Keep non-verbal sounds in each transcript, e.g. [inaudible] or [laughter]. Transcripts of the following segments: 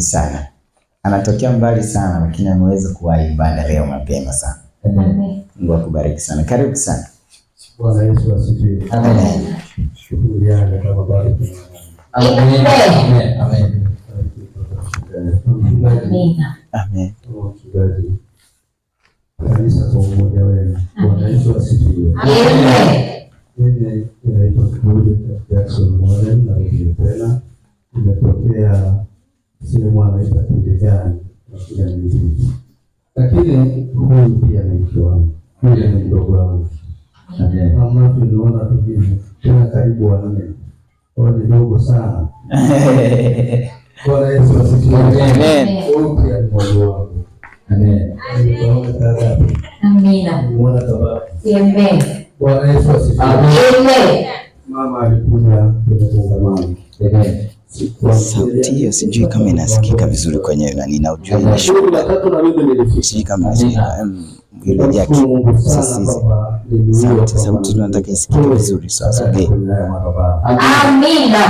sana anatokea mbali sana lakini ameweza kuwahi ibada leo mapema sana. Mungu akubariki sana, karibu sana. Bwana Yesu asifiwe. Amen. Shukrani Amen. Amen. Amen. Amen. Amen. alikuwa anaita kundi gani nakuja nilii, lakini huyu pia ni mke wangu, huyu ni mdogo wangu ambacho niona tukivu tena karibu wanne kwa ni dogo sana. [laughs] Bwana Yesu asifiwe. Huyu pia ni mdogo wangu. Bwana Yesu asifiwe. Mama alikuja kwenye kongamano sauti ya sijui kama inasikika vizuri kwenye nani, na ujue ni shughuli sijui kama inasikika sauti sauti tunataka isikike vizuri sasa. Okay, amina.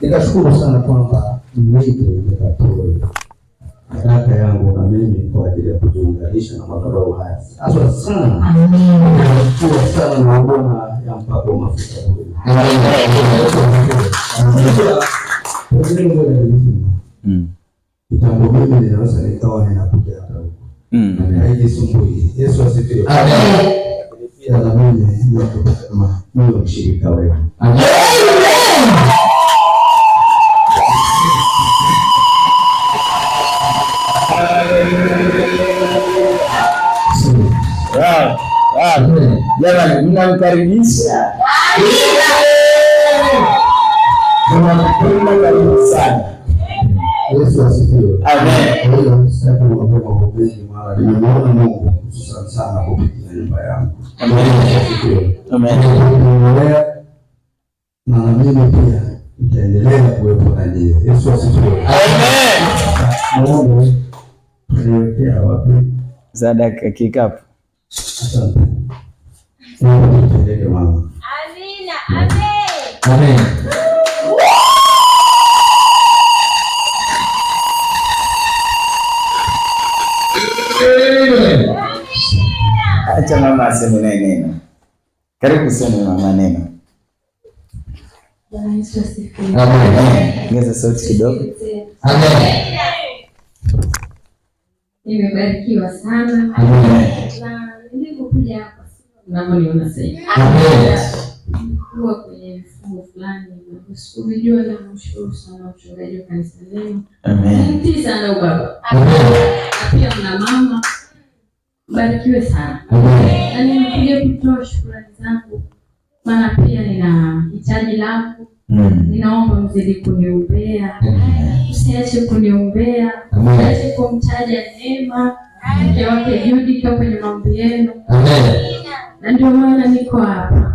Nikashukuru sana kwamba sadaka yangu na mimi kwa ajili ya kujiunganisha na madhabahu haya. Asante sana. Nashukuru sana na huduma ya mpako mafuta. Jambo mimi ninaweza nikawa ninakuja hata huko. Mm. Haiji sumbui. Yesu asifiwe. Amen. Ila na mimi ndio mshirika wetu. Amen. Jamani, mnamkaribisha tunapenda, karibu sana. Yesu asifiwe. Amen. Nimeona Mungu hususan sana kupitia nyumba yangu. Amen. Na mimi pia nitaendelea kuwepo na nyie. Yesu asifiwe. Amen. Mungu, niwekea wapi? Zadaka kikapu. Asante. Mungu nitendeke mama. Amina. Amen. Amen. Acha mama aseme naye neno. Karibu sema mama neno. Ongeza sauti kidogo. Nimebarikiwa sana. Amen. hapa mnavyoniona sasa kuwa kwenye mfumo fulani sikuvijua, na mshukuru sana mchungaji wa kanisa lenu, mtii sana ubaba, na pia mna mama, mbarikiwe sana. Na nimekuja kutoa shukrani zangu, maana pia nina hitaji lako, mm. ninaomba mzidi kuniombea, usiache kuniombea, usiache kumtaja Neema mke wake Judika kwenye maombi yenu na ndio maana niko hapa,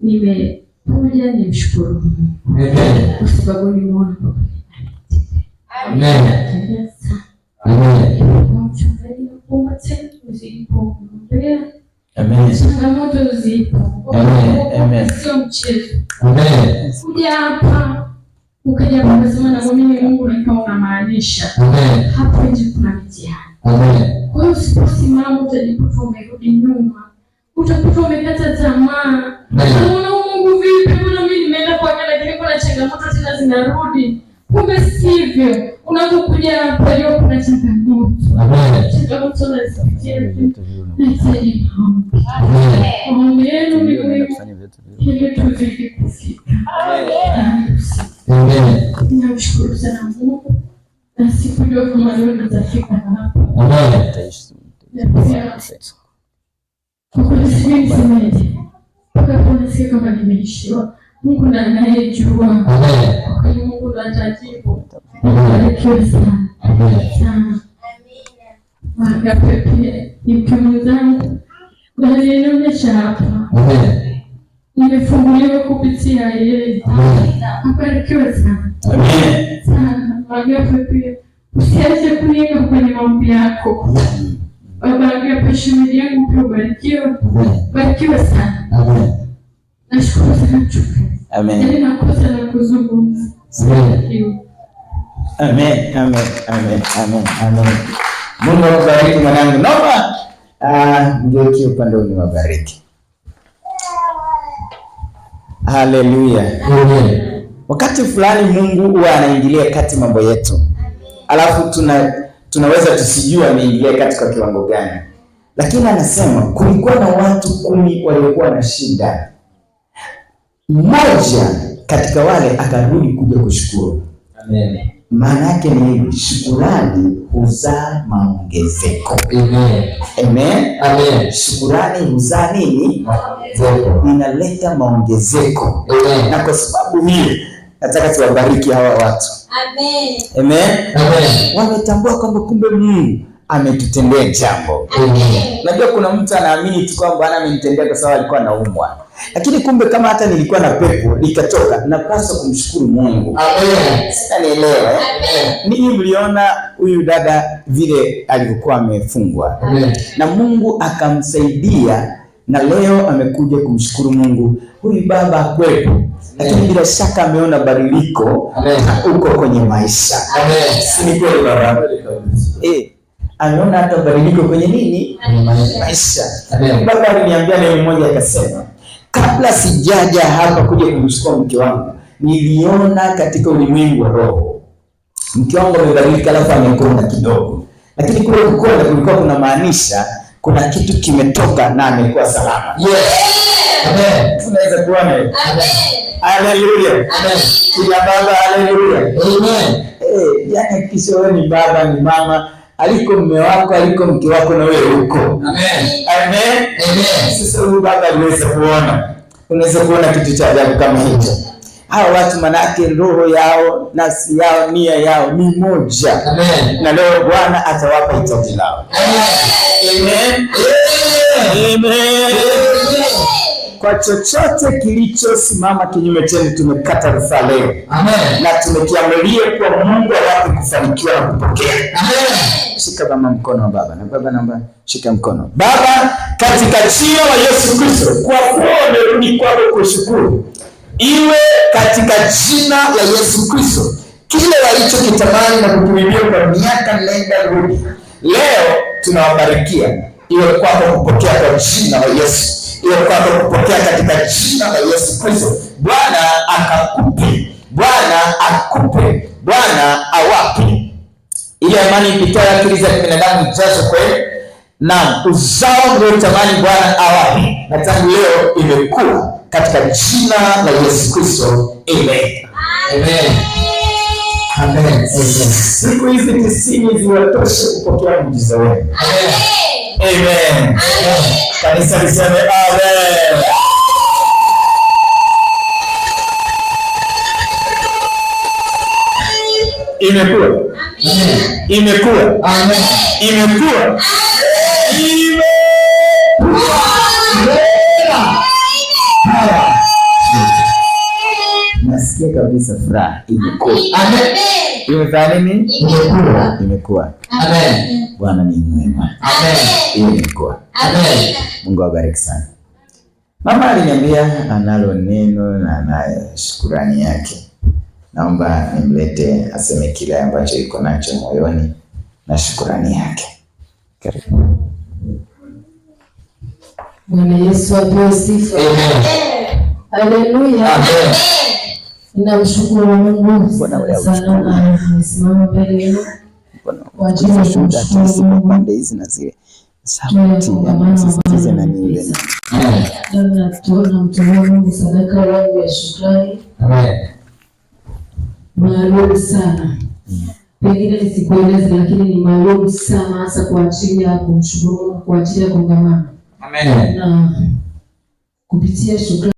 nimekuja nimshukuru Mungu kwa sababu nimeona changamoto zipo, Kuja hapa ukaja ukasema na mimi Mungu, nikawa unamaanisha hapo nje kuna mitihani utakuta umerudi nyuma, utakuta umekata tamaa, utaona Mungu vipi, mbona mimi nimeenda kwa lakini kuna changamoto tena zinarudi. Kumbe sivyo, unapokuja hapo leo kuna changamoto, changamoto Namshukuru sana Mungu na sikujua kama leo nitafika hapa. Japonia kwa kulisikiliza mimi mpaka kunisikia kama nimeishiwa. Mungu ndiye anayejua. Amen. Mungu ndiye atajibu. Barikiwe sana. Amen. Sana. Amina. Pia ni mtume zangu alinionyesha hapa. Amen. Nimefunguliwa kupitia yeye. Amen. Barikiwe sana. Amen. Sana. Wagape pia usiache kuiga kwenye maombi yako. Amen. Wabariki peshimili yangu pia ubarikiwe. Barikiwe sana. Amen. Nashukuru sana Amen. Yaani nakosa na kuzungumza. Amen. Amen. Amen. Amen. Amen. Mungu akubariki mwanangu. noma ah, upande uni wabariki. Haleluya. Amen. Wakati fulani Mungu huwa anaingilia kati mambo yetu. Alafu tuna tunaweza tusijua ameingia katika kiwango gani, lakini anasema kulikuwa na watu kumi waliokuwa na shida, mmoja katika wale akarudi kuja kushukuru. Amen. Maana yake ni hivi, shukurani huzaa maongezeko. Amen. Amen. Amen. Shukurani huzaa nini? Inaleta maongezeko. Amen. Na kwa sababu hiyo nataka tuwabariki hawa watu Amen. Amen. Wametambua kwamba kumbe Mungu ametutendea jambo. Najua kuna mtu anaamini tu kwamba ana amenitendea kwa sababu alikuwa anaumwa, lakini kumbe kama hata nilikuwa na pepo nikatoka, napaswa kumshukuru Mungu. Sinanielewa eh? nini mliona huyu dada vile alivyokuwa amefungwa na Mungu akamsaidia na leo amekuja kumshukuru Mungu. Huyu baba akwepo, lakini bila shaka ameona badiliko huko kwenye maisha. Ni kweli baba eh, ameona hata badiliko kwenye nini, maisha. Baba aliniambia leo mmoja, akasema kabla sijaja hapa kuja kumshukuru mke wangu, niliona katika ulimwengu wa roho mke wangu amebadilika, alafu amekonda kidogo, lakini kule kukonda kulikuwa kuna maanisha kuna kitu kimetoka na amekuwa salama. Tunaweza kuona Haleluya. Kila baba, haleluya. Amen. Eh, yani kisha wewe ni baba ni mama aliko mme wako aliko mke wako na wewe huko. Amen. Amen. Sasa huyu baba aliweza kuona, unaweza kuona kitu cha ajabu kama hicho hawa watu manake roho yao, nafsi yao, nia yao ni moja, na leo Bwana atawapa hitaji lao. Amen. Amen. Kwa chochote kilichosimama kinyume chenu, tumekata rufaa leo na tumekiamulia kwa Mungu awake kufanikiwa na kupokea. Shika mama mkono wa baba na baba namba, shika mkono Baba, katika jina la Yesu Kristo, kwa kuwa umerudi kwako kushukuru iwe katika jina la Yesu Kristo. Kile walichokitamani na kutumilia kwa miaka lenga rudi, leo tunawabarikia. Iwe kwako kupokea kwa jina la Yesu, iwe kwako kupokea katika jina la Yesu Kristo. Bwana akakupe, Bwana akupe, Bwana awape, ili amani ipitayo akili za binadamu ijazwe kweli na uzao mliotamani Bwana awape, na tangu leo imekuwa katika jina la Yesu Kristo, amen. Siku hizi tisini ziwatoshe kupokea mjiza wenu. Amen. Kanisa liseme amen. Imekuwa, imekuwa, imekuwa nasikia kabisa furaha imekuwa. Imefanya nini? Imekuwa. Imekuwa. Amen. Bwana ni mwema. Amen. Imekuwa. Amen. Mungu awabariki sana. Mama aliniambia analo neno na anayo shukurani yake. Naomba nimlete aseme kile ambacho iko nacho moyoni na shukurani yake. Karibu. Bwana Yesu apewe sifa. Amen. Haleluya. Amen. Ninamshukuru Mungu sana, amesimama mbele yenu kwa ajili ya hizi kumshukuru pande hizi na zile sauti ya yanasisitiza na niule na tuona mtumwa Mungu sadaka yangu ya shukrani maalum sana, mm. pengine nisikueleze, lakini ni maalum sana, hasa kwa ajili ya kumshukuru Mungu, kwa ajili ya kongamano na kupitia shukrani